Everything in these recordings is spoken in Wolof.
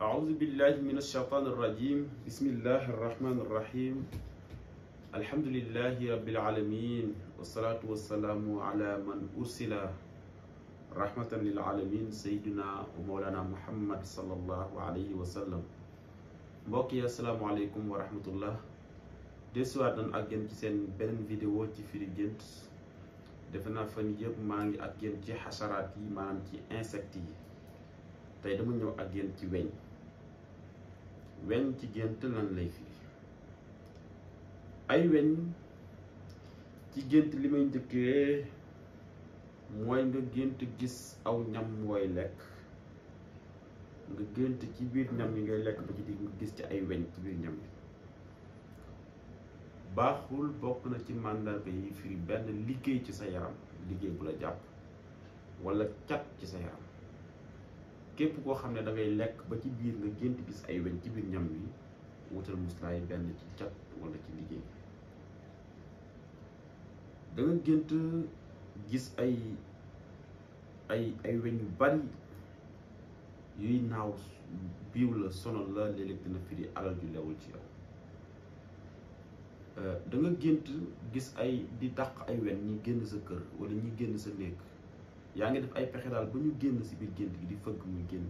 أعوذ بالله من الشيطان الرجيم بسم الله الرحمن الرحيم الحمد لله رب العالمين والصلاة والسلام على من أرسل رحمة للعالمين سيدنا ومولانا محمد صلى الله عليه وسلم mbokki asalaamaaleykum wa rahmatullah desuwaat nañ ak yéen ci seen beneen vidéo ci firi gént defe naa fan yëpp maa ngi ak yéen ci xasaraat yi maanaam ci insectes yi tey dama ñëw ak yéen ci weñ weñ ci gént lañ lay firi ay weñ ci gént li may njëkkee mooy nga gént gis aw ñam wooy lekk nga gént ci biir ñam yi ngay lekk ba ci di gis ci ay weñ ci biir ñam yi baaxul bokk na ci màndarga yi firi benn liggéey ci sa yaram liggéey bu la jàpp walla cat ci sa yaram képp koo xam ne da lekk ba ci biir nga gént gis ay weñ ci biir ñam wi wutal muslaay benn ci cat wala ci liggéey da nga gént gis ay ay ay weñ yu bari yuy naaw biiw la sonal la léeg ci yow euh, da nga gis ay di dàq ay wen ñi génn sa kër walla ñi génn sa néeg yaa ngi def ay pexe daal ba ñu génn si biir génn gi di fëgg muy génn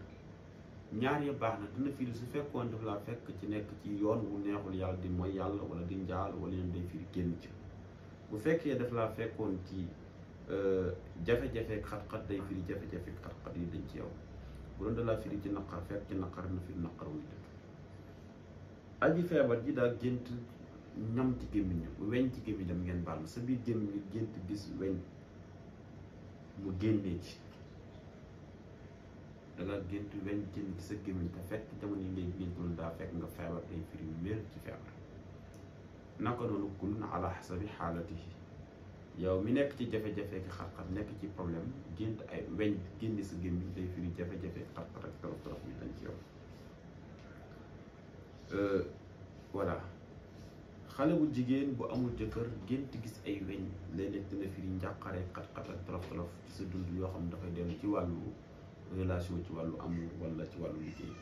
ñaar ya baax na dina firi su fekkoon daf laa fekk ci nekk ci yoon wu neexul yàlla di mooy yàlla wala di njaal wala yéen day firi génn ci bu fekkee daf laa fekkoon ci euh, jafe-jafe xat-xat day firi jafe-jafe xat-xat yi dañ ci yow bu doon da laa firi ci naqar fekk ci naqar na firi naqar wuy dëkk aji feebar ji daal gént ñam ci gémmiñam weñ ci gémmiñam ngeen baal ma sa biir gémmiñ gis weñ mu génnee ci danga gént weñ génn ci sa gémmiñ te fekk jamono yi ngay géntul daa fekk nga feebar ay firi wér ci feebar naka noonu kun ala xasabi xaalatihi yow mu nekk ci jafe-jafe ki xar-xar nekk ci problème gént ay weñ génn sa gémmiñ day firi jafe-jafe xar-xar ak torof mi dañ ci yow euh, voilà xale bu jigéen bu amul jëkkër gént gis ay weñ léeg-léeg dina firi njàqare xat-xat ak tolof-tolof ci sa dund yoo xam ne dafay dem ci wàllu relation ci wàllu amour walla ci wàllu liggéey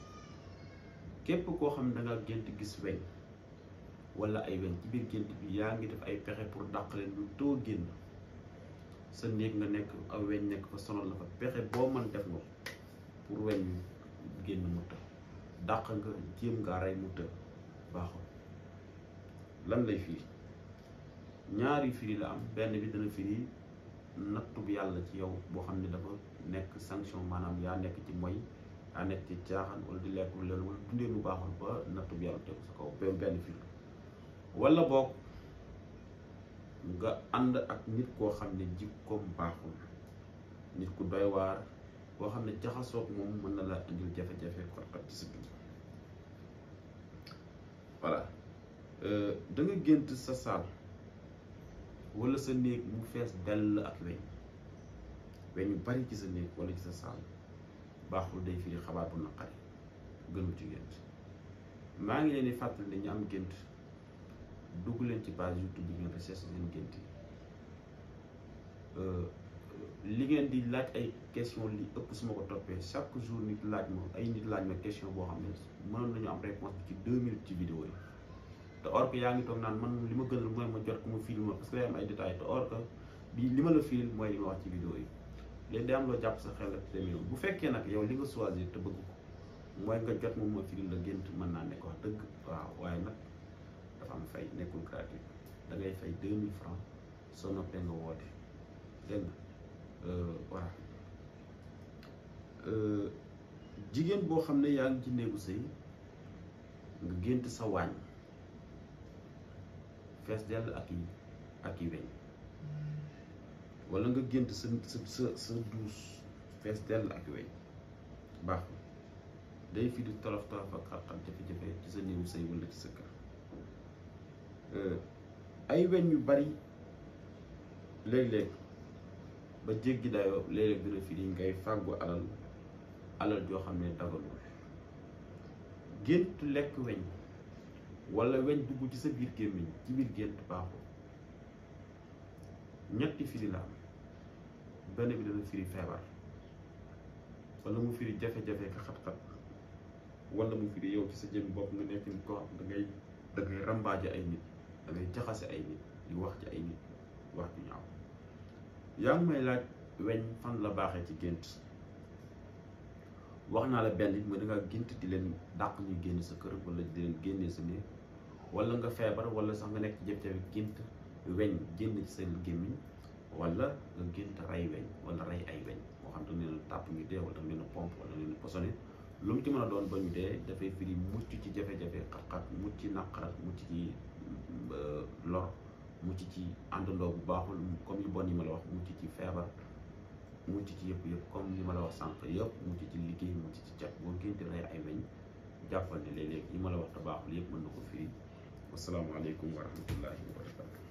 képp koo xam da nga gént gis weñ wala ay weñ ci biir gént bi yaa ngi def ay pexe pour dàq leen lu too génn sa néeg nga nekk aw weñ nekk fa sonal la fa pexe boo mën def nga pour weñ génn mu të dàq nga jéem nga rey mu të baaxul lan lay firi ñaari firi la am benn bi dana firi nattu yàlla ci yow boo xam ne dafa nekk sanction maanaam yaa nekk ci moy yaa nekk ci caaxaan wala di lekk lu leen wala dundee lu baaxul ba nattu bu yàlla tegu sa kaw benn firi wala boog nga ànd ak nit koo xam ne jikkoom baaxul nit ku doy waar boo xam ne jaxasoog moom mën na la indil jafe-jafe xotxot ci sa biir voilà Euh, da nga gént sa saal wala sa néeg mu fees dell ak weñ weñ yu bari ci sa néeg wala ci sa saal baaxul day firi xabaar bu naqari gënu ci gént maa ngi leen fàttali ne ñu am gént dugg leen ci page YouTube bi ngeen recherche seen gént yi euh, li ngeen di laaj ay question li ëpp su ma ko toppee chaque jour nit laaj ma ay nit laaj ma question boo xam ne mënoon nañu am réponse ci deux minutes ci vidéo yi te or que yaa ngi toog naan man li ma gënal mooy ma jot ma mu film parce que day am ay détails te or li ma la film mooy li ma wax ci vidéo yi léegi day am loo jàpp sa xel te demee bu fekkee nag yow li nga choisir te bëgg ko mooy nga jot moom ma film la gént mën naa nekk wax dëgg waaw waaye nag dafa am fay nekkul gratuit dangay ngay fay 2000 francs soo noppee nga woote dégg nga euh, euh, jigéen boo xam ne yaa ngi ci néegu sëy nga gént sa waañ fees dell ak i ak i weñ wala nga gént sa sa sa sa duus fees dell ak weñ baax na day fi di tolof tolof ak xar-xar jafe-jafe ci sa néew say wala ci sa euh, ay weñ yu bari léeg-léeg ba jéggi dayoo léeg-léeg dina fi di ngay fàggu alal alal joo xam ne dagalul géntu lekk weñ wala weñ dugg ci sa biir gémmiñ ci biir gént baaxul ñetti firi la am benn bi dana firi feebar wala mu firi jafe-jafe ka xat-xat wala mu firi yow ci sa jëm bopp nga nekk ni ko xam rambaaje ay nit da jaxase ay nit di wax ci ay nit wax ju ñaaw yaa ngi may laaj weñ fan la baaxee ci gént wax naa la benn it mooy da gént di leen dàq ñuy génn sa kër wala di leen génnee sa néeg wala nga feebar wala sax nga nekk ci jafe-jafe gént weñ génn ci seen gémmiñ wala nga gént rey weñ wala rey ay weñ moo xam ne leen tàpp ñu dee wala tam leen pompe wala leen posone lu mu ci mën a doon ba ñu dee dafay firi mucc ci jafe-jafe xat-xat mucc ci naqarat mucc ci euh, lor mucc ci àndandoo bu baaxul comme yu bon yi ma la wax mucc ci feebar mucc ci yëpp yëpp comme li ma la wax sànq yëpp mucc ci liggéey mucc ci cat boo génte rey ay weñ jàppal ni léeg yi ma la wax te baaxul yëpp mën na wasalaamualeykum wa rahmatullahi wa barakatu